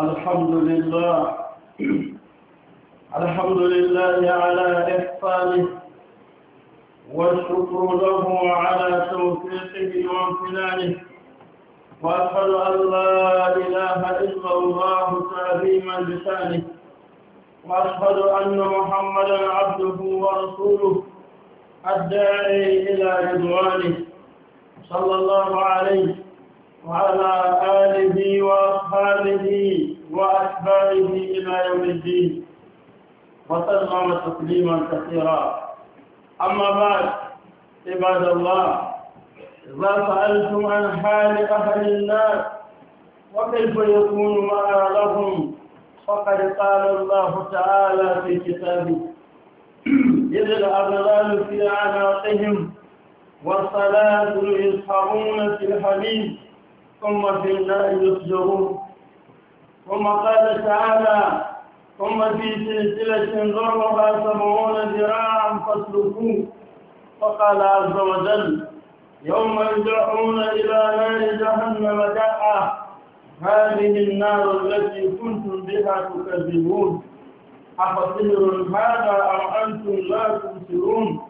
الحمد لله الحمد لله على إحسانه والشكر له على توفيقه وامتنانه وأشهد أن لا إله إلا الله تعظيما لسانه وأشهد أن محمدا عبده ورسوله الداعي إلى رضوانه صلى الله عليه وعلى آله وأصحابه وأتباعه إلى يوم الدين وسلم تسليما كثيرا أما بعد عباد الله إذا سألتم عن حال أهل الناس وكيف يكون معالهم فقد قال الله تعالى في كتابه إذ الأغلال في أعناقهم والصلاة يسحرون في الحميد ثم في النار يسجرون ثم قال تعالى ثم في سلسلة ضربها سبعون ذراعا فاسلكوه فقال عز وجل يوم يدعون إلى نار جهنم دعا هذه النار التي كنتم بها تكذبون أفسر هذا أم أنتم لا تبصرون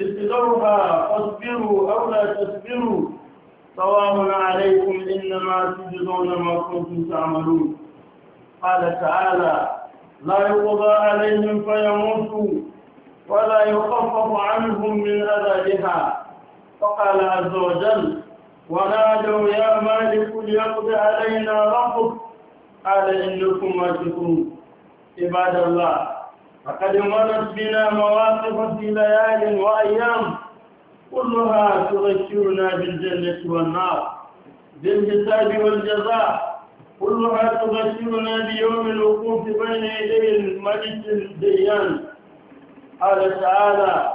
اتقوها فاصبروا أو لا تصبروا سواء عليكم إنما تجزون ما كنتم تعملون قال تعالى لا يقضى عليهم فيموتوا ولا يخفف عنهم من أذائها فقال عز وجل ونادوا يا مالك ليقضي علينا ربك قال إنكم ماجدون عباد الله فقد مرت بنا مواقف في ليال وأيام كلها تغشرنا بالجنة والنار بالحساب والجزاء كلها تبشرنا بيوم الوقوف بين يدي الملك الديان قال تعالى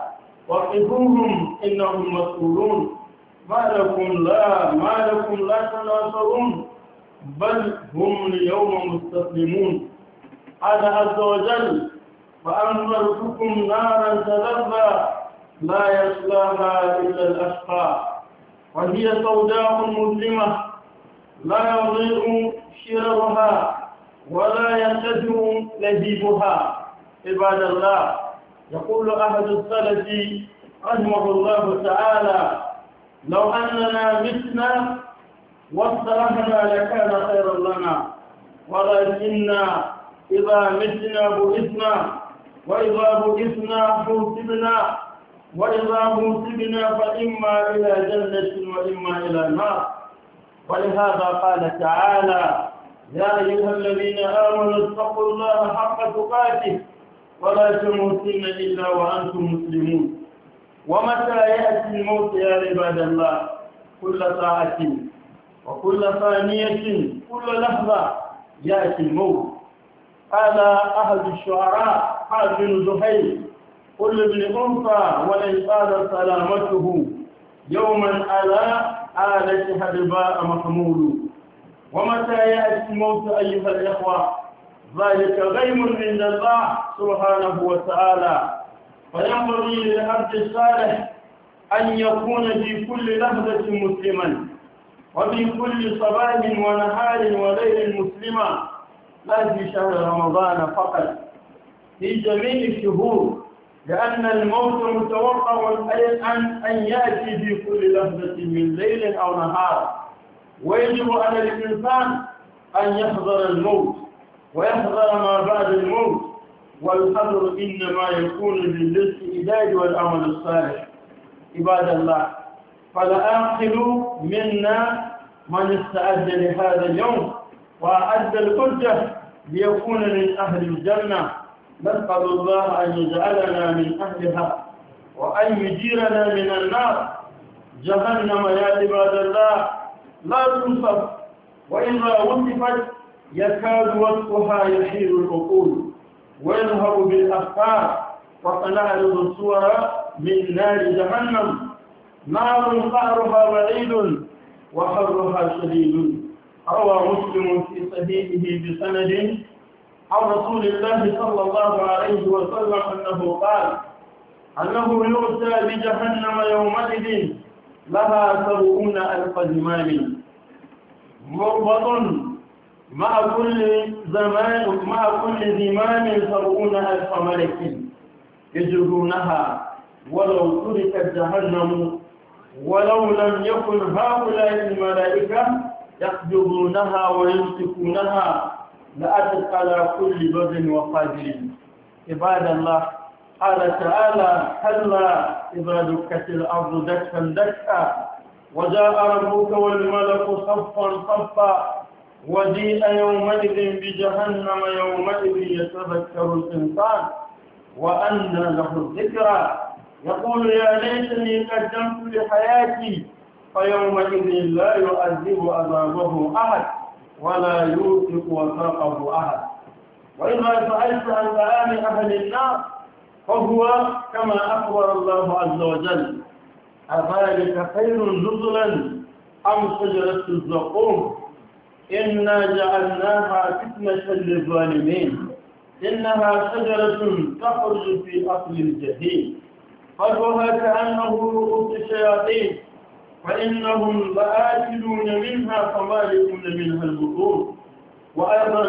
وقفوهم انهم مسؤولون ما لكم لا ما لكم لا تناصرون بل هم اليوم مستسلمون قال عز وجل وانذرتكم نارا تلظى لا يصلاها إلا الأشقى وهي سوداء مظلمة لا يضيء شررها ولا يسد نجيبها عباد الله يقول أحد السلف رحمه الله تعالى لو أننا متنا واصطلحنا لكان خيرا لنا ولكننا إذا متنا بئسنا وإذا بئسنا حوسبنا وإذا منسبنا فإما إلى جنة وإما إلى نار ولهذا قال تعالى يا أيها الذين آمنوا اتقوا الله حق تقاته ولا تموتن إلا وأنتم مسلمون ومتى يأتي الموت يا عباد الله كل ساعة وكل ثانية كل لحظة يأتي الموت قال أهل الشعراء قال بن زهير كل ابن أنثى ولن قال سلامته يوما على آلة حدباء محمول ومتى يأتي الموت أيها الإخوة ذلك غيم عند الله سبحانه وتعالى فينبغي للعبد الصالح أن يكون في كل لحظة مسلما وفي كل صباح ونهار وليل مسلما لا في شهر رمضان فقط في جميع الشهور لأن الموت متوقع أن أن يأتي في كل لحظة من ليل أو نهار ويجب على الإنسان أن يحضر الموت ويحضر ما بعد الموت والحذر إنما يكون بالاستعداد والأمل الصالح عباد الله فالعاقل منا من استعد لهذا اليوم وأعد الحجة ليكون من أهل الجنة نسأل الله أن يجعلنا من أهلها وأن يجيرنا من النار جهنم يا عباد الله لا توصف وإذا وصفت يكاد وصفها يحيل العقول ويذهب بالأفكار وتنعرض الصور من نار جهنم نار قهرها بعيد وحرها شديد روى مسلم في صحيحه بسند عن رسول الله صلى الله عليه وسلم أنه قال أنه يؤتى بجهنم يومئذ لها سبعون ألف زمام مربط مع كل زمان مع كل زمام سبعون ألف ملك يجرونها ولو تركت جهنم ولو لم يكن هؤلاء الملائكة يقبضونها ويمسكونها لأتت على كل بر وفاجر عباد الله قال تعالى هلا إذا دكت الأرض دكا دكا وجاء ربك والملك صفا صفا وجيء يومئذ بجهنم يومئذ يتذكر الإنسان وأن له الذكرى يقول يا ليتني قدمت لحياتي فيومئذ لا يؤذب عذابه أحد ولا يوثق وثاقه أحد وإذا سألت عن كلام أهل النار فهو كما أخبر الله عز وجل أذلك خير نزلا أم شجرة الزقوم إنا جعلناها فتنة للظالمين إنها شجرة تخرج في أصل الجحيم فضلها كأنه رؤوس الشياطين فإنهم لآكلون منها فمالكون منها البطون وأيضا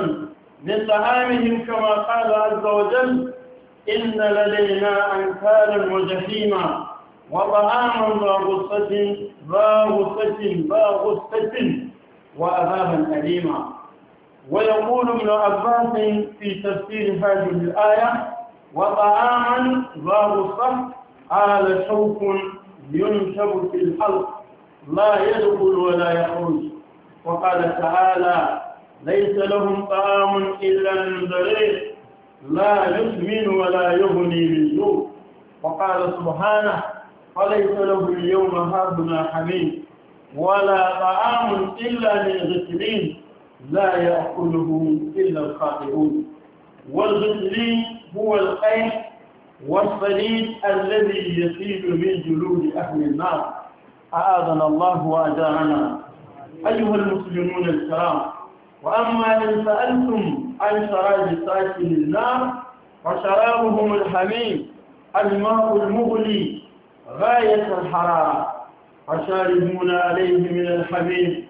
من طعامهم كما قال عز وجل إن لدينا أنكالا وجحيما وطعاما ذا غصة ذا غصة غصة أليما ويقول ابن عباس في تفسير هذه الآية وطعاما ذا غصة قال شوك ينشب في الحلق ما يدخل ولا يخرج وقال تعالى ليس لهم طعام إلا من ضريع لا يسمن ولا يغني من جوع وقال سبحانه فليس له اليوم هاهنا حميد ولا طعام إلا من غسلين لا يأكله إلا الخاطئون والغسلين هو القيح والصليب الذي يصيب من جلود أهل النار أعاذنا الله وأجارنا أيها المسلمون الكرام وأما إن سألتم عن شراب ساكن النار وشرابهم الحميم الماء المغلي غاية الحرارة فشاربون عليه من الحميم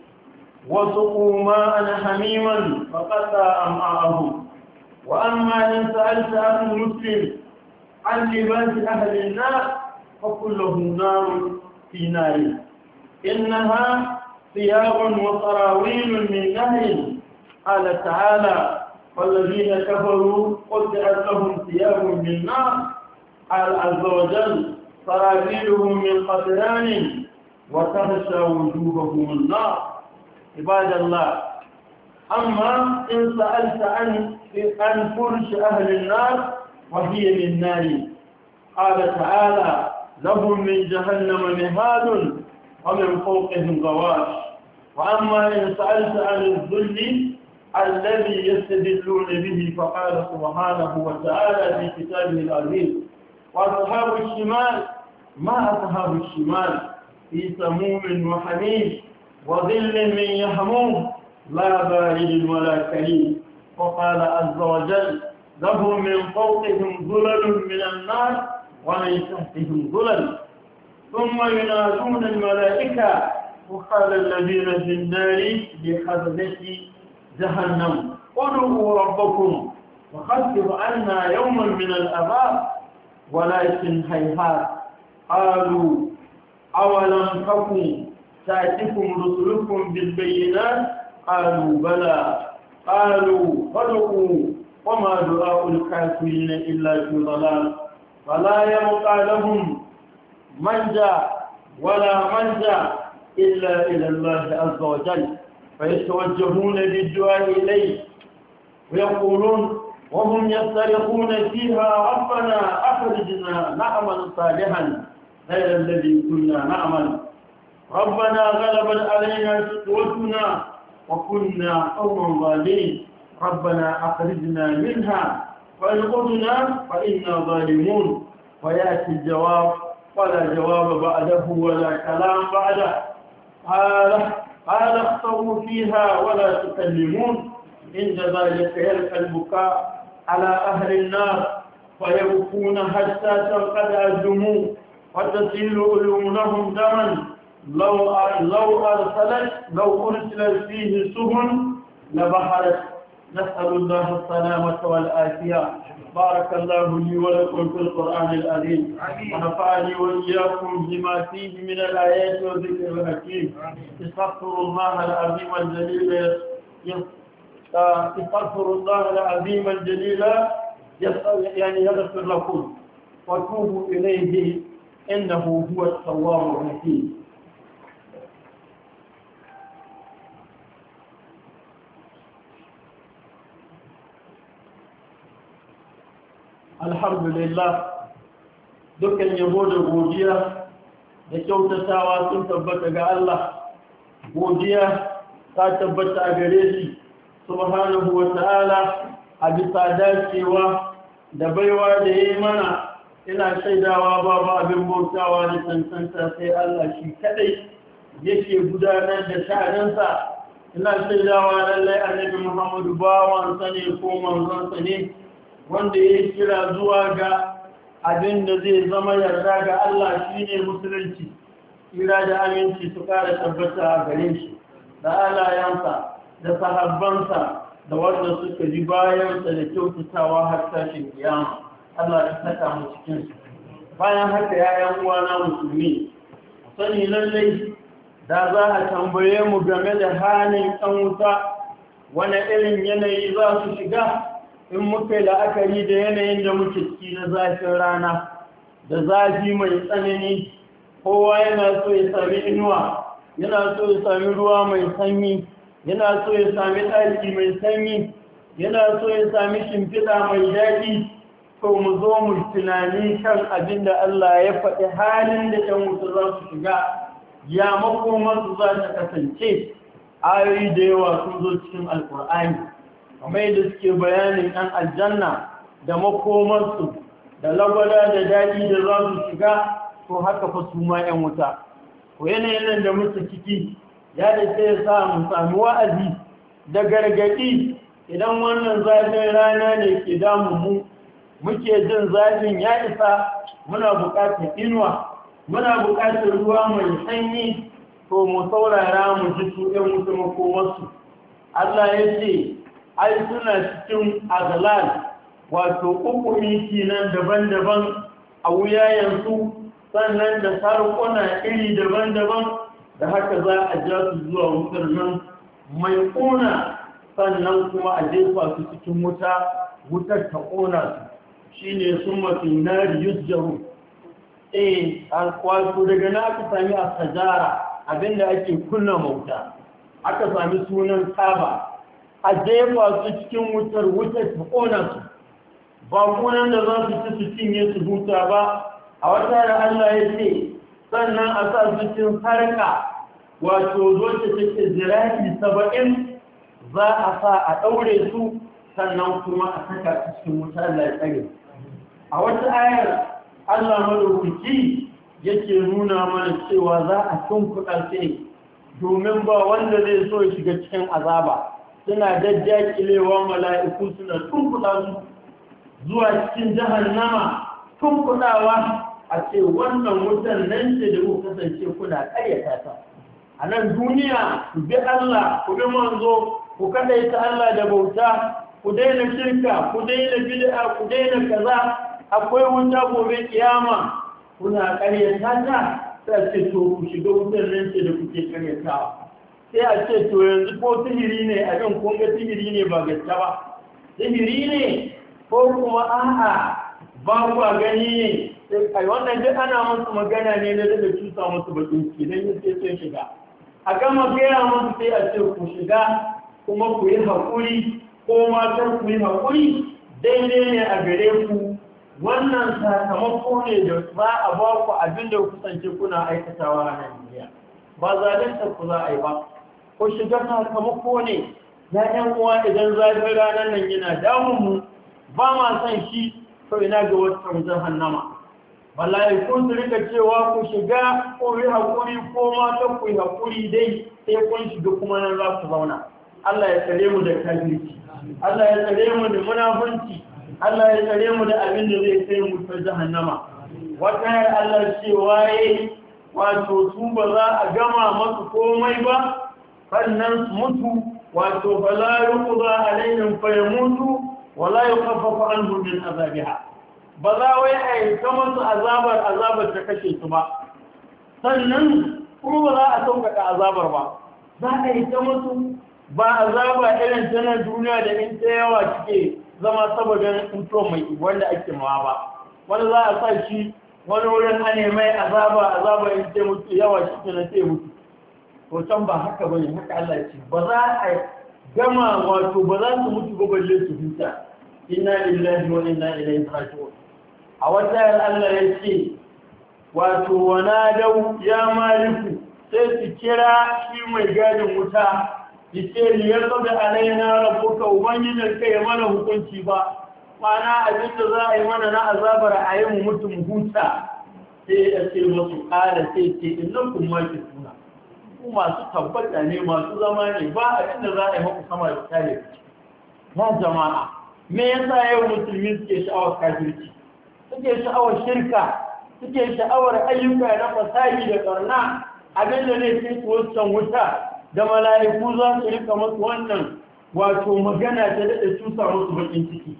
وسقوا ماء حميما فقطع أمعاءهم وأما إن سألت أهل المسلم عن لباس أهل النار فكلهم نار في نار إنها ثياب وسراويل من نهر قال تعالى والذين كفروا قطعت لهم ثياب من نار قال عز وجل سراويلهم من قطران وتغشى وجوههم النار عباد الله أما إن سألت عن عن فرش أهل النار وهي من نار قال تعالى لهم من جهنم مهاد ومن فوقهم غواش وأما إن سألت عن الذل الذي يستدلون به فقال سبحانه وتعالى في كتابه العزيز وأصحاب الشمال ما أصحاب الشمال في سموم وحميد وظل من يهموم لا بارد ولا كريم وقال عز وجل لهم من فوقهم ظلل من النار ومن تحتهم ظلل ثم ينادون الملائكة وقال الذين في النار بحضرة جهنم ادعوا ربكم وخفف عنا يوما من الأباء ولكن هيهات قالوا أولم تكن تأتكم رسلكم بالبينات قالوا بلى قالوا فدعوا وما دعاء الكافرين إلا في ضلال فلا يبقى لهم منجا ولا منجا إلا إلى الله عز وجل فيتوجهون بالدعاء إليه ويقولون وهم يصرخون فيها ربنا أخرجنا نعمل صالحا غير الذي كنا نعمل ربنا غلبت علينا شقوتنا وكنا قوما ظالمين ربنا أخرجنا منها فإن نعم فإنا ظالمون ويأتي الجواب ولا جواب بعده ولا كلام بعده قال قال اخطروا فيها ولا تكلمون عند ذلك يلقى البكاء على أهل النار فيبكون حتى تنقطع الدموع وتسيل علومهم دما لو لو أرسلت لو أرسلت فيه سهم لبحرت نسأل الله السلامة والآسية بارك الله لي ولكم في القرآن الأليم ونفعني وإياكم بما فيه من الآيات والذكر الحكيم استغفر الله العظيم الجليل استغفر الله العظيم الجليل يعني يغفر لكم وتوبوا إليه إنه هو التواب الرحيم alhamdulillah dukkan yabo da godiya da kyautatawa sun tabbata ga Allah godiya ta tabbata a gare shi subhanahu wa ta'ala a bisa dacewa da baiwa da ya mana ina shaidawa babu abin bautawa da cancanta sai Allah shi kadai yake gudanar da sha'aninsa ina shaidawa lallai annabi Muhammadu bawansa ne ko manzonsa ne wanda ya kira zuwa ga abin da zai zama yarda ga Allah shi ne musulunci kira da aminci su kare tabbata a gare shi da alayansa da sahabbansa da wanda suka ji bayansa da kyautatawa har tashin kiyama Allah ya saka mu cikin su bayan haka yayan uwa na musulmi sani lallai da za a tambaye mu game da halin ɗan wuta wani irin yanayi za su shiga in muka la'akari da yanayin da muke ciki na zafin rana da zafi mai tsanani kowa yana so ya sami inuwa yana so ya sami ruwa mai sanyi yana so ya sami ɗaki mai sanyi yana so ya sami shimfiɗa mai daɗi to mu zo mu tunani kan abin da Allah ya faɗi halin da ɗan wuta za su shiga ya su za ta kasance ayoyi da yawa sun zo cikin alƙur'ani kamar da suke bayanin ɗan aljanna da makomarsu da lagwada da daɗi da za su shiga to haka fa su ma 'yan wuta ko yanayin nan da musu ciki ya da ya sa mu sami wa'azi da gargaɗi idan wannan zafin rana ne ke damu mu muke jin zafin ya isa muna buƙatar inuwa muna buƙatar ruwa mai sanyi ko mu saurara mu ji su 'yan wuta makomarsu Allah ya ce ai suna cikin azlal wato miki kinan daban-daban a yanzu sannan da sarƙuna iri daban-daban da haka za a ja su zuwa wutar nan mai ƙuna sannan kuma a jefa su cikin wuta wutar ta ƙona su shi ne sun mafi nari jaru eh wato daga na aka sami a sajara abinda ake kunna mauta aka sami sunan kaba a jefa su cikin wutar wutar su ƙona su ba kunan da za su ci su cinye su huta ba a wata da Allah ya ce sannan a sa su cin harka wato zo ta take zirafi saba'in za a sa a ɗaure su sannan kuma a saka cikin wuta Allah ya a wata ayar Allah madaukaki yake nuna mana cewa za a tunkuɗa su ne domin ba wanda zai so shiga cikin azaba suna dajjakilewa mala'iku suna tunkuɗa su zuwa cikin jahannama tunkuɗawa a ce wannan wutan nan ce da kuka kasance kuna ƙaryata ta a nan duniya ku bi Allah ku bi manzo ku kaɗaita Allah da bauta ku daina shirka ku daina bid'a ku daina kaza akwai wuta gobe kiyama kuna ƙaryata ta ta ce to ku shiga wutan nan ce da kuke ƙaryatawa sai a ce to yanzu ko sihiri ne abin kun ga sihiri ne ba gaske ba sihiri ne ko kuma a'a ba ku gani ne ai wannan duk ana musu magana ne na daga cuta musu bakin ki dan sai sun shiga a gama gaya musu sai a ce ku shiga kuma ku yi haƙuri ko matar ku yi haƙuri daidai ne a gare ku wannan sakamako ne da za a ba ku abin da kusance kuna aikatawa a Najeriya ba zalinta ku za a yi ba ko shigar sakamako ne na ɗan uwa idan zafin ranar nan yana damun mu ba ma san shi sau ina ga wata hannama wallahi kun su rika cewa ku shiga ko yi haƙuri ko ma ta ku yi haƙuri dai sai kun shiga kuma nan za ku zauna Allah ya tsare mu da kafirci Allah ya tsare mu da munafunci Allah ya tsare mu da abin da zai kai mu ta jahannama wata yar Allah cewa yi wato su ba za a gama masu komai ba sannan mutu wato fala yuqda alaihim mutu wala yukhaffafu anhum min azabiha ba za wai yi ta musu azabar azabar ta kashe su ba sannan kuma ba za a sauƙaƙa azabar ba za a yi ta mutu ba azaba irin tana duniya da in ta yawa cike zama saboda intro mai wanda ake mawa ba wani za a sa shi wani wurin a mai azaba azaba in ta mutu yawa ke na ta mutu to ba haka bane haka Allah ce ba za a gama wato ba za su mutu ba balle su huta inna lillahi wa inna ilaihi raji'un a wata Allah ya ce wato Dau ya maliku sai su kira shi mai gadin wuta yace liyar da alaina rabbuka ubangijin kai ya mana hukunci ba mana abin da za a yi mana na azabar a yi mu mutum huta sai ya ce masu ƙara sai ce innakum makis ku masu tabbata ne masu zama ne ba a da za a yi maku sama da kare na jama'a me yasa yau musulmi suke sha'awar kafirci suke sha'awar shirka suke sha'awar ayyuka na fasahi da karna abin da ne wasu wancan wuta da mala'iku za su rika masu wannan wato magana ta daɗa cusa musu bakin ciki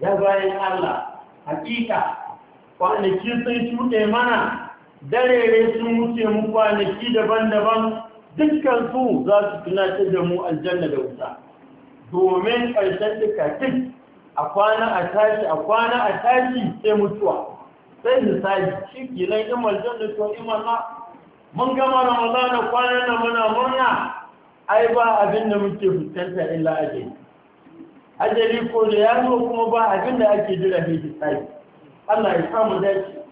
ya bayan Allah hakika kwanaki sun shuɗe mana darere sun wuce mu kwanaki daban-daban dukkan su za su tunatar da mu aljanna da wuta domin ƙarshen duka a kwana a tashi a kwana a tashi sai mutuwa sai misali shi nan in aljanna to imana mun gama ramadana kwanan nan muna murna ai ba abin da muke fuskanta illa ajali ajali ko da ya zo kuma ba abin da ake jira ne hisabi Allah ya samu dace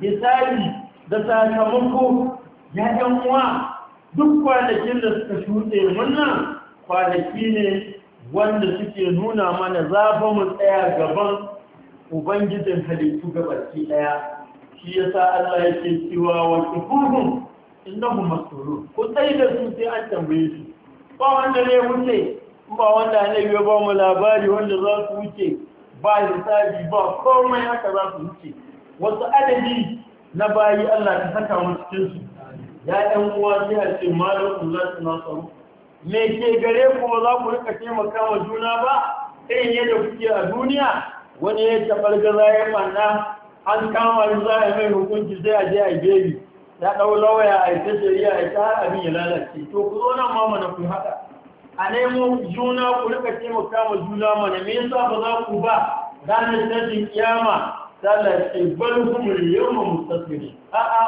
hisabi da sakamako ya ɗan uwa duk kwanakin da suka shuɗe wannan kwanaki ne wanda suke nuna mana za mu tsaya gaban ubangijin halittu gabaki ɗaya shi ya sa Allah yake cewa wa kifuhum mu masuru ku tsaye da su sai an tambaye su ba wanda ne wuce ba wanda ne ya ba mu labari wanda za su wuce ba hisabi ba komai haka za su wuce wasu adadi na bayi Allah ka saka mu cikin su ya ɗan uwa sai a ce su na tsaro? me ke gare ku ba za ku rika taimaka wa juna ba irin yadda kuke a duniya wani ya taɓar gaza ya fanna an kama shi za a yi mai hukunci sai a je a gebi ya ɗau lawaya a ita shari'a a ita abin ya lalace to ku zo nan ma mana ku haɗa a nemo juna ku rika taimaka wa juna mana me yasa ba za ku ba ranar tashin kiyama Allah ce bal humul yawma mustasbiri a a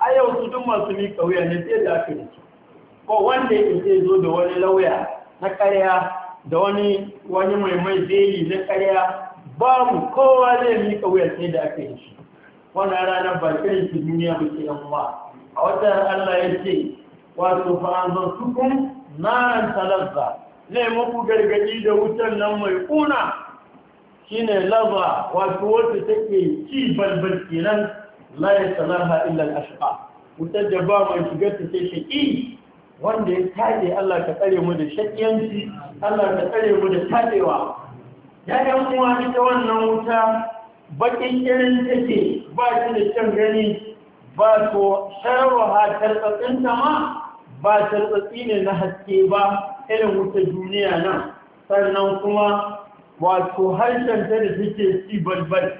a yau su duk masu ni kauya ne sai da aka yi ko wanda yake sai zo da wani lauya na karya da wani wani mai mai zeli na karya babu kowa zai mi kauya sai da aka yi wannan rana ba kai shi duniya ba ke yan ba. a wata Allah ya ce wato fa an zan sukun naran talazza zai muku gargadi da wutan nan mai kuna shine laba wato wacce take ci balbal kenan la ya salaha illa al-ashqa wutar da ba mai shigar ta ce wanda ya tade Allah ka tsare mu da shaqiyanci Allah ka tsare mu da tadewa ya yan uwa ita wannan wuta baƙin irin take ba shi da kyan gani ba to sharruha ta ma ba tarqati ne na haske ba irin wuta duniya nan sannan kuma wato harshen ta da take ci balbal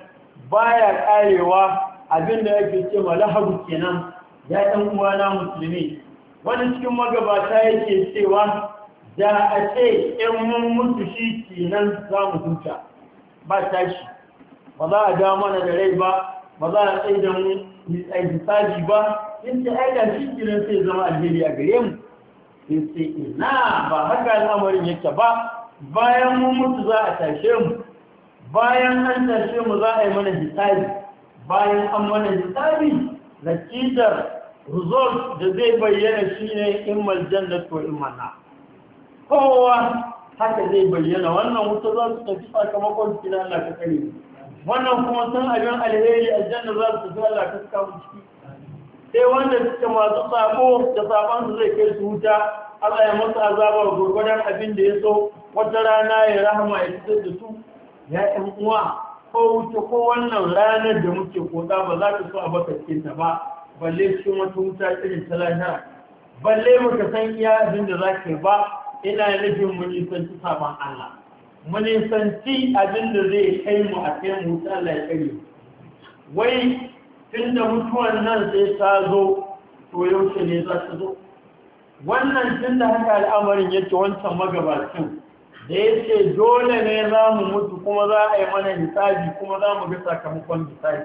baya karewa abinda yake ce malahabu kenan ya dan uwana musulmi wani cikin magabata yake cewa da a ce in mun mutu shi kenan za mu huta ba tashi ba za a ja mana da rai ba ba za a tsaye da mu yi tsaji ba in ce ai da shi kenan sai zama alheri a gare mu sai ina ba haka al'amarin yake ba bayan mu mutu za a tashe mu bayan an tashe mu za a yi mana hitari, bayan an mana na nakidar result da zai bayyana shine in maljanna to in kowa haka zai bayyana wannan wuta za su tafi sakamakon cikin Allah ka kare wannan kuma san abin alheri aljanna za su tafi Allah ka saka sai wanda suke masu sabo da sabon su zai kai su wuta Allah ya masu azabar gurgurdan abin da ya so wata rana ya rahama ya fitar da su ya ɗan uwa ko wuce ko wannan ranar da muke kota ba za ka so a baka ta ba balle cikin wata wuta irin ta lahira balle muka san iya abin da za ka yi ba ina nufin mu nisanci sabon Allah mu nisanci abin da zai kai mu a kai mu wuta Allah ya kare wai tun da mutuwan nan sai ta zo to yaushe ne za ta zo wannan tun da haka al'amarin yake wancan magabacin da ya ce dole ne za mu mutu kuma za a yi mana hisabi kuma za mu ga sakamakon hisabi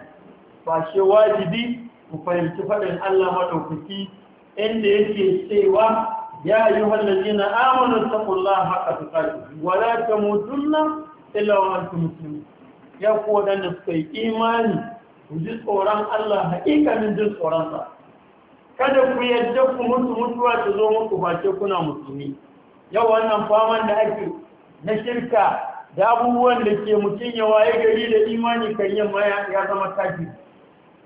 ba ce wajibi mu fahimci faɗin Allah maɗaukaki inda yake cewa ya yi wallazi na amonu taƙullah haka su ƙarfi wala ta mutunna ilawar musulmi ya ku waɗanda suka yi imani ku ji tsoron Allah haƙiƙanin jin tsoronsa kada ku yarda ku mutu mutuwa ta zo muku ba ce kuna musulmi yau wannan faman da ake na shirka da abubuwan da ke mutum ya gari da imani kan yin maya ya zama kafiri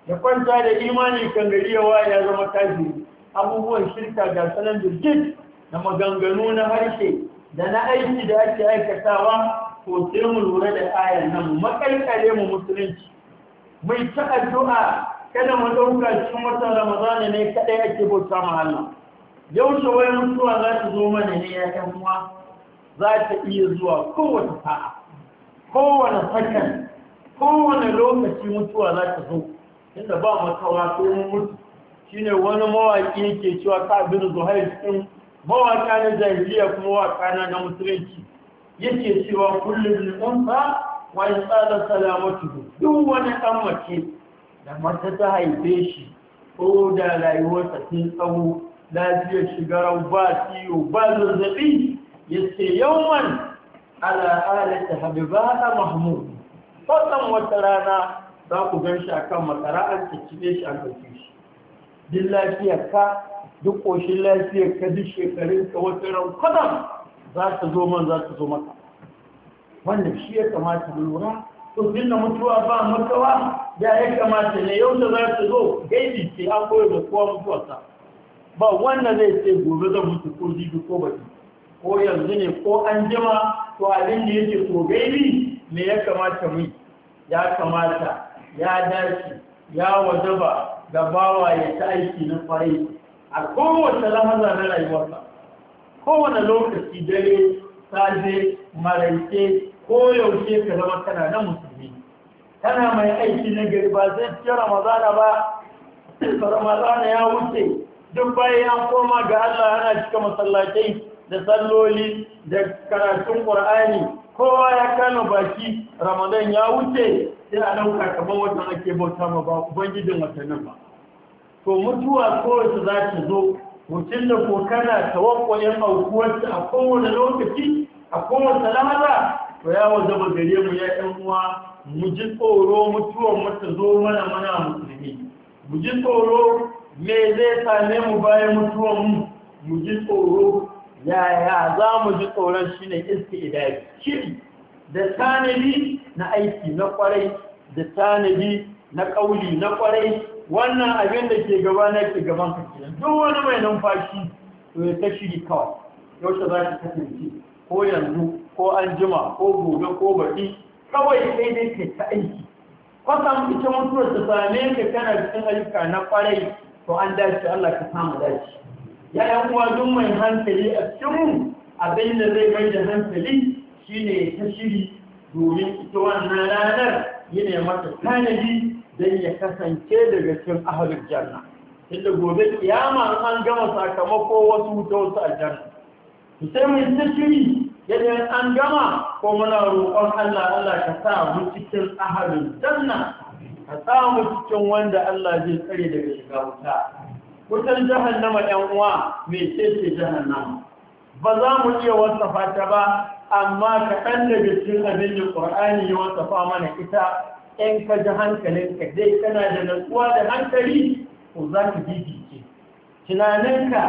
da kwanta da imani kan gari ya waye ya zama kafiri abubuwan shirka ga sanan jirgin da maganganu na harshe da na aiki da ake aikatawa ko sai mu lura da ayan nan makalkale mu musulunci mai ta addu'a kada mu ɗauka cikin watan ramadana ne kaɗai ake bauta ma Allah yau shawai mutuwa za su zo mana ne ya kan kuma za ta iya zuwa kowace sa'a kowane fakan kowane lokaci mutuwa za ta zo inda ba matawa ko mutu Shi ne wani mawaƙi yake cewa ka bin zuhair cikin mawaƙa na jahiliya kuma waƙa na musulunci yake cewa kullum li'unsa wa in tsada salamatu duk wani ɗan mace da mata ta haife shi ko da rayuwarsa sun tsawo lafiyar shigarar ba ciwo ba zazzaɓi yace yawman ala Habiba habibata mahmud fatan wata rana za ku gan shi akan makara an ciccibe shi an ɗauke shi duk lafiyar ka duk ƙoshin lafiyar ka duk shekarun ka wata ran kwadan za ta zo man za ta zo maka Wanda shi ya kamata lura to na mutuwa ba makawa ya ya kamata ne yau da za ta zo gaibi ce an koyar da kowa mutuwarsa ba wannan zai ce gobe zan mutu ko jibi ko baki ko yanzu ne ko an jima to abin da yake to gaibi me ya kamata mu ya kamata ya dace ya wajaba da bawa ya ta aiki na fari a kowace lahaza na rayuwarsa kowane lokaci dare saje maraice ko yaushe ka zama kana na musulmi kana mai aiki na gari ba zai ci ramadana ba ramadana ya wuce duk bayan koma ga Allah yana cika masallacai da salloli da karatun ƙur'ani kowa ya kano baki ramadan ya wuce sai a ɗauka kamar watan ake bauta ma ba ubangijin watannin ba to mutuwa kowace za ta zo mutum da ko kana a aukuwarta a kowane lokaci a kowace lahara to ya ba gare mu ya ɗan uwa mu ji tsoro mutuwar mata zo mana mana musulmi mu ji tsoro me zai same mu bayan mutuwar mu mu ji tsoro yaya za mu ji tsoron shi ne iske idari shiri da tanadi na aiki na kwarai da tanadi na kauli na kwarai wannan abin da ke gaba na ke gaban kake duk wani mai numfashi to ya ta shiri kawai yaushe za ta kasance ko yanzu ko an jima ko gobe ko baɗi kawai sai dai kai ta aiki kwasan ita mutuwar ta same ka kana cikin ayyuka na kwarai to an dace Allah ka samu dace ya uwa mai hankali a cikin abin da zai kai da hankali shine ta shiri domin ita wannan ranar yana mata tanadi don ya kasance daga cikin ahalin janna inda gobe kiyama an gama sakamako wasu wuta wasu aljanna sai mai ta shiri yadda an gama ko muna roƙon Allah Allah ka sa mu cikin ahalin janna ka sa mu cikin wanda Allah zai tsare daga shiga wuta wutar jahannama 'yan uwa mai ce jahannama ba za mu iya wasafa ta ba amma ɗan daga cikin abin da ƙwar'ani ya wasafa mana ita in ka ji hankalin ka dai kana da natsuwa da hankali ko za ka jijike tunaninka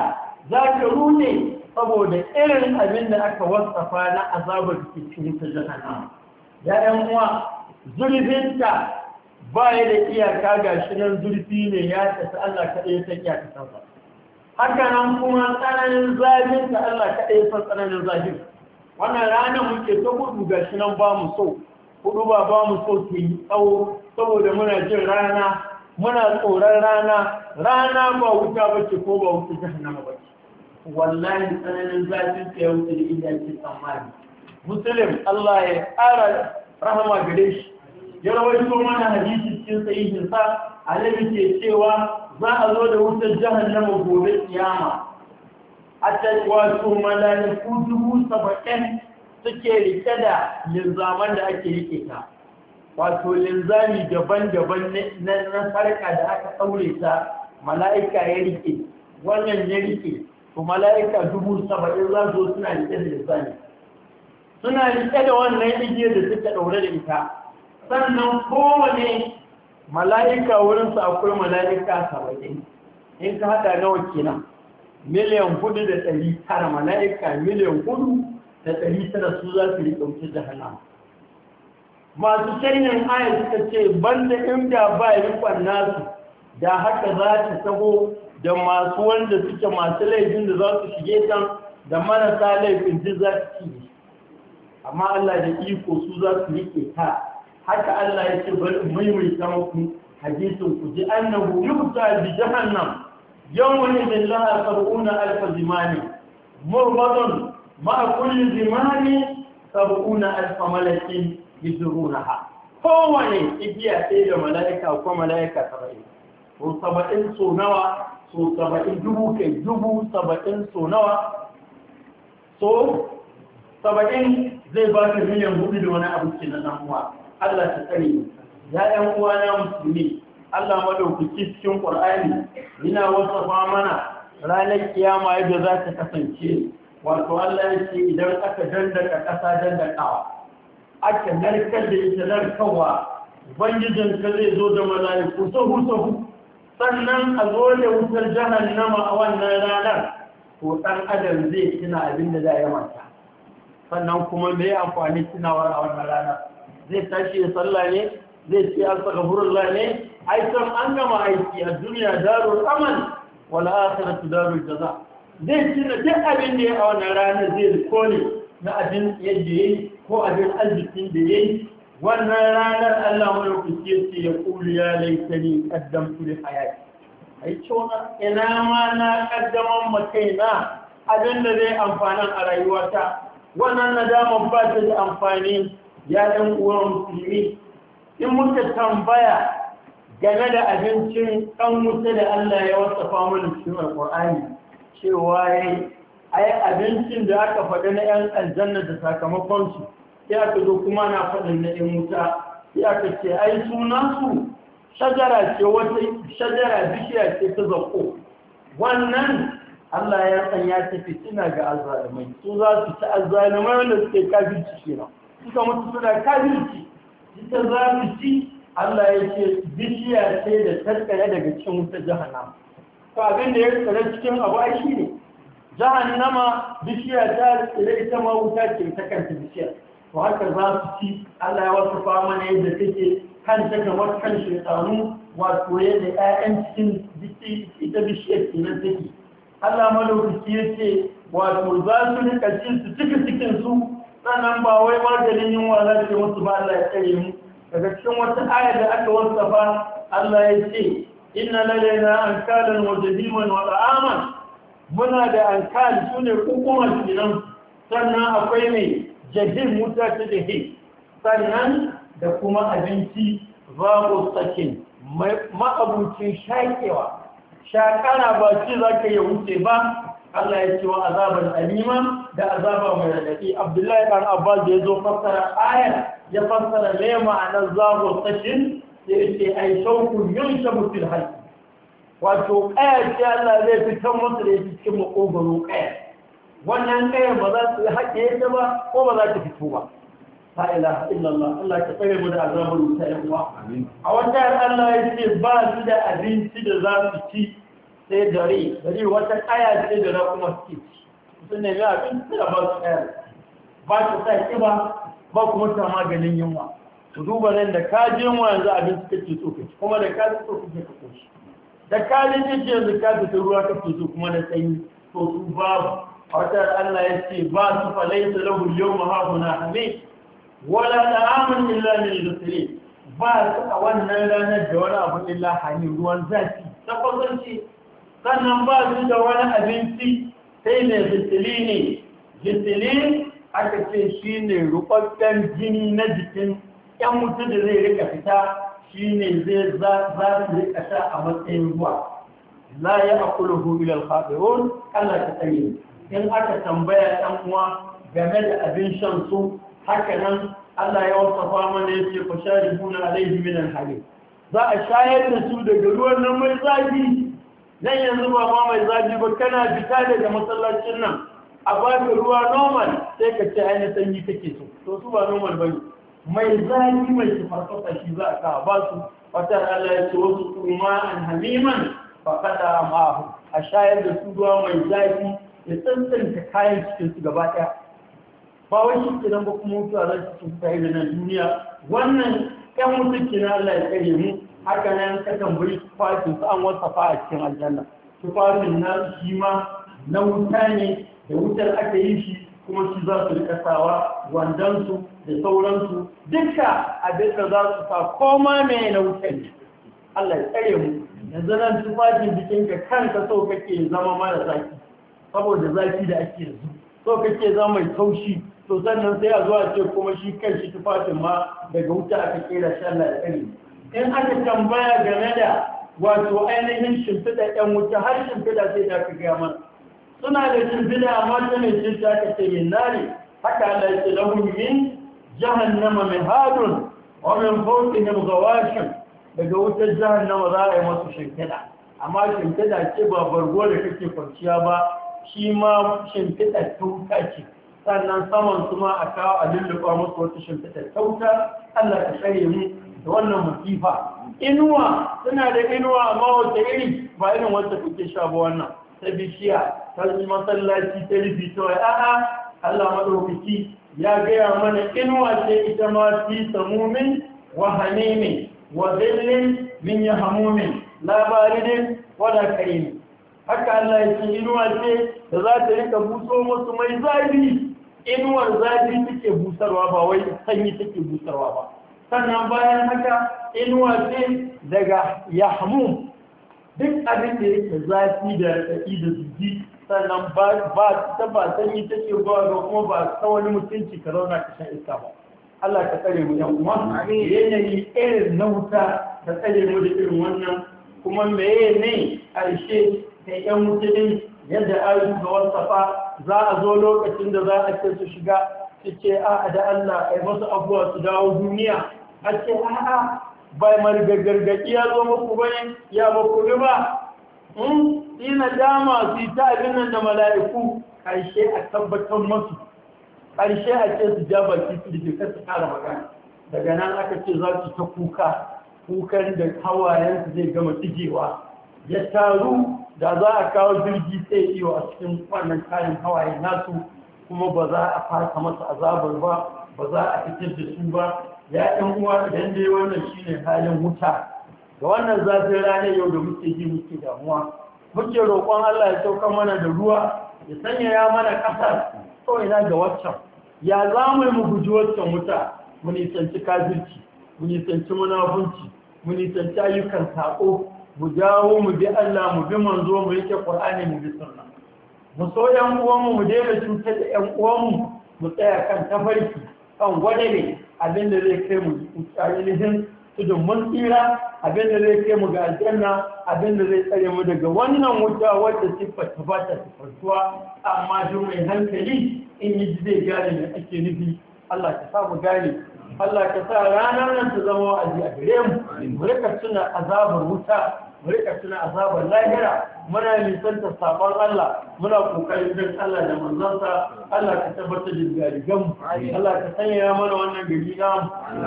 za ka rune saboda irin abin da aka wasafa na azabar cikin ta jahannama ya uwa zurfinta ba ya da iyaka ga shi nan zurfi ne ya tafi Allah kaɗai san iyaka sansa haka nan kuma tsananin zafin ta Allah kaɗai san tsananin zafin wannan ranar muke ta gudu ga shi nan ba mu so hudu ba ba mu so ke yi tsawo saboda muna jin rana muna tsoron rana rana ba wuta ba ce ko ba wuta jahannama ba ce wallahi tsananin zafin ta ya wuce da inda tsammani musulun Allah ya ƙara rahama gare shi ya rawaito mana hadisi cikin sahihin sa annabi ke cewa za a zo da wutar jahannama gobe kiyama a ta wato malaiku dubu saba'in suke rike da linzaman da ake rike ta wato linzami daban-daban na farka da aka ɗaure ta mala'ika ya rike wannan ya rike to mala'ika dubu saba'in za su suna rike da linzami suna rike da wannan igiyar da suka ɗaure da ita sannan kowane mala'ika wurinsa akwai mala'ika saba'in in ka haɗa nawa kenan miliyan hudu da ɗari tara mala'ika miliyan hudu da ɗari tara su za su riƙauki jahannama masu sharhin ayar suka ce banda inda ba rikon nasu da haka za ta taho da masu wanda suke masu laifin da za su shige ta da marasa laifin duk za su ci amma Allah da iko su za su riƙe ta haka Allah ya ce in maimaita muku hadisin ku ji annahu yubta bi jahannam yawman min laha sab'una alf zimani murbatun ma kulli zimani sab'una alf malakin yuzrunaha kowane igiya sai da mala'ika ko mala'ika saba'in ko saba'in so nawa so saba'in dubu kai dubu saba'in so nawa so saba'in zai ba ka miliyan hudu da wani abu ke na ɗan uwa Allah ta tsare ya ɗan uwana musulmi Allah madaukaki cikin ƙwar'ani yana wasafa mana ranar kiyama yadda za ta kasance wato Allah ya ce idan aka dandaka ƙasa dandakawa aka narkar da ita narkarwa ubangijin ka zai zo da mala'iku sahu sahu sannan a zo da wutar jahannama a wannan ranar ko ɗan adam zai tuna abin da za yi mata sannan kuma mai amfani tunawar a wannan ranar zai tashi ya sallah ne zai ce an saka wurin ne ai an gama aiki a duniya darul aman wal akhiratu darul jaza zai na duk abin da ya a wani ranar zai kone na abin yadda yi ko abin arzikin da yayi wannan ranar Allah mai kuce ce ya kulu ya laitani kaddam tuli hayati ai cewa ina ma na kaddaman makaina abin da zai amfanin a rayuwata wannan dama ba ta da amfani ya ɗan uwan musulmi in muka tambaya game da abincin ɗan wuta da Allah ya wasafa mana cikin alƙur'ani cewa yayi ai abincin da aka faɗi na ƴan aljanna da sakamakon su sai aka zo kuma na faɗin na ɗan wuta sai aka ce ai sunan su shajara ce wata shajara bishiya ce ta zako wannan Allah ya sanya ta fitina ga azzalumai su za su ci azzalumai wanda suke kafin ciki na suka mutu suna kafirci ita za mu ci Allah ya ce bishiya ce da tattare daga cikin wutar jahannama to abin da ya tsare cikin abu ai shi ne jahannama bishiya ta tsare ita ma wuta ce ta kanta bishiya to haka za su ci Allah ya wasu fama ne yadda take kanta kamar kan shekaru wato yadda 'ya'yan cikin ita bishiyar ke kenan take Allah malaukaki ya ce wato za su rika cin su cika cikin su sannan ba wai maganin yunwa za da wasu ba Allah ya tsare mu daga cikin wata aya da aka wasafa Allah ya ce inna lalaina ankalan wa jahiman wa ta'aman muna da ankal sune hukumar kinan sannan akwai ne jahim wuta ta jahim sannan da kuma abinci ku tsakin ma'abucin shaƙewa Shaƙana ba ce za ka yi wuce ba Allah ya ce wa azaban alima da azaba mai radadi Abdullahi dan Abbas da ya zo fassara ayar ya fassara me ma'anar zago tashin sai yace ai shauku yunshabu fil hayy wato kaya ce Allah zai fitar musu da cikin makogoro kaya wannan kaya ba za su haƙe ya ba ko ba za ta fito ba la ilaha illallah Allah ka tsare mu da azabar mutane yan uwa a wata Allah ya ce ba su da abinci da za su ci sai dare dare wata kaya sai da kuma suke sun nemi abin da ba su kaya ba su sa kiba ba kuma ta maganin yunwa su duba nan da ka je mu yanzu abin suka ce so kaci kuma da ka so kaci ka koshi da ka je ce yanzu ka fita ruwa ka fito kuma da sanyi to su babu wata Allah ya ce ba su falaita lahu yawma hahuna hamid wala ta'amun illa lil muslim ba su a wannan ranar da wani abu illa hani ruwan zafi tabbatar ce sannan ba su da wani abinci sai mai jitili ne jitili aka ce shi ne rubakken jini na jikin yan mutum da zai rika fita shi ne zai za su rika sha a matsayin ruwa la ya akulu hu ilal khabirun ta tsare in aka tambaya ɗan uwa game da abin shan su haka nan Allah ya wasafa mana yace fasharibuna alaihi min al za a shayar da su daga ruwan nan mai zafi nan yanzu ba ma mai zafi ba kana fita daga masallacin nan a baka ruwa normal sai ka ce ainihin sanyi kake so to su ba normal ne mai zafi mai tafarfasa shi za a kawo ba su fatar Allah ya ce wasu kuma an hamiman ba kada ma'ahu a shayar da su ruwa mai zafi ya tsantsanta kayan cikin su gaba ɗaya ba wai shi kenan ba kuma mutuwa za su tafi da nan duniya wannan ƴan mutu kenan Allah ya kare mu haka nan ka tambayi tufafin su an wasafa a cikin aljanna tufafin na shi ma na wuta ne da wutar aka yi shi kuma shi za su rika sawa wandansu da sauransu duka abin da za su sa koma mai na wuta ne Allah ya tsare mu yanzu nan tufafin kan kanka so kake zama mara zaki saboda zaki da ake yanzu so kake zama mai taushi to sannan sai a zuwa ce kuma shi kan shi tufafin ma daga wuta aka kera shi Allah ya tsare mu in aka tambaya game da wato ainihin shimfiɗa ɗan wuta har shimfiɗa sai da ka gaya suna da shimfiɗa amma ta mai shimfiɗa ka ce min nari haka Allah ya ce lahum min jahannama mihadun wa min fawqihim ghawashin daga wutar jahannama za a yi masu shimfiɗa amma shimfiɗa ce ba bargo da kake kwanciya ba shi ma shimfiɗa tuta ce sannan saman su ma a kawo a lulluɓa musu wata shimfiɗa tauta Allah ka tsare mu da wannan musifa inuwa suna da inuwa amma wata iri ba irin wata kuke sha ba wannan ta bishiya ta masallaci ta rufi wai a'a Allah maɗaukaki ya gaya mana inuwa ce ita ma fi samumin wa hamimin wa zillin min ya hamumin labarin wada ne haka Allah ya ce inuwa ce da za ta rika buso musu mai zafi inuwar zafi take busarwa ba wai sanyi take busarwa ba sannan bayan haka inuwa ce daga yahmum duk abin da yake zafi da raɗaɗi da zuji sannan ba ta ba sanyi ta ce ba ga kuma ba ta wani mutunci ka zauna ka shan iska ba Allah ka tsare mu yan uwa yanayi irin na wuta ka tsare mu da irin wannan kuma meye ne ƙarshe ta yan musulmi yadda ayyuka wasafa za a zo lokacin da za a ce su shiga suke a da Allah ai masu abuwa su dawo duniya a ce a'a bai marigargargaɗi ya zo muku bane ya muku riba hmm? yi na dama su yi ta abin nan da mala'iku ƙarshe a tabbatar masu ƙarshe a ce su ja baki su da su kara magana daga nan aka ce za su ta kuka kukan da hawayensu zai gama tigewa. ya taru da za a kawo jirgi sai iyo a cikin wannan kayan hawayen nasu kuma ba za a fasa masa azabar ba ba za a fitar da su ba ya ɗan uwa idan dai wannan shine halin wuta ga wannan zafin ranar yau da muke yi muke damuwa muke roƙon Allah ya sauka mana da ruwa ya sanya ya mana ƙasar sau ina ga waccan ya za mu mu guji waccan wuta mu nisanci kafirci mu nisanci munafunci mu nisanci ayyukan saƙo mu jawo mu bi Allah mu bi manzo mu yake Qur'ani mu bi sunna mu so yan uwanmu mu daina cutar da yan uwanmu mu tsaya kan tafarki kan gwada ne abin da zai kai mu ainihin tudun mun tsira abin da zai kai mu ga aljanna abin da zai tsare mu daga wannan wuta wadda siffar ta ba ta siffartuwa amma duk mai hankali in yi zai gane me ake nufi Allah ka sa mu gane Allah ka sa ranar nan ta zama wa'azi a gare mu mu rika tuna azabar wuta mu rika tuna azabar lahira muna nisanta sabon Allah muna kokarin don Allah da manzansa Allah ka tabbatar da garigan mu Allah ka sanya mana wannan gari na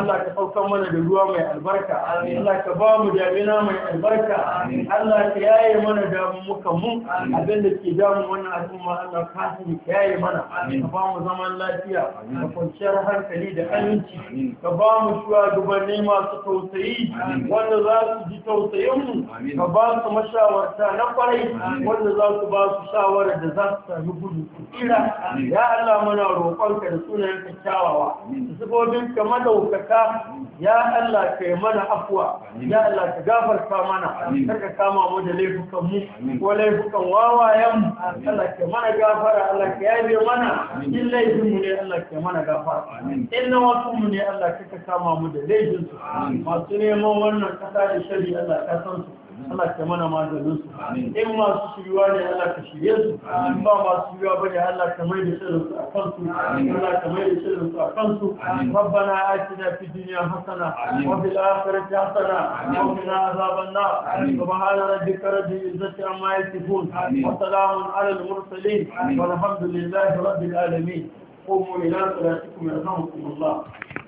Allah ka saukar mana da ruwa mai albarka Allah ka ba mu damina mai albarka Allah ka yaye mana damu muka mu abin da ke damu wannan al'umma Allah ka sani ka yaye mana ka ba mu zaman lafiya ka kwanciyar hankali da aminci ka ba mu gubanni masu tausayi wanda za su ji tausayin mu ka ba su mashawarta na kwarai wanda za su ba su shawarar da za su sami gudu kira ya Allah mana roƙonka da sunayen ka kyawawa sifofin ka madaukaka ya Allah ka yi mana afuwa ya Allah ka gafarta mana kar ka kama mu da laifukan mu ko laifukan wawayen mu Allah ka mana gafara Allah ka yabe mana in laifin mu ne Allah ka mana gafara in na wasu mu ne Allah ka kama mu da laifin su masu neman wannan kasa da shari'a Allah ka san su Allah ka mana maganin su in masu shiriwa ne Allah ka shirye su in ba masu shiriwa ba ne Allah ka mai da shirin su a kansu Allah ka mai da shirin su a kansu rabbana atina fi dunya hasana wa fil akhirati hasana wa qina azaban nar subhana rabbika rabbil izzati amma yasifun wa salamun ala al mursalin walhamdulillahi rabbil alamin قوموا إلى صلاتكم يرحمكم Allah.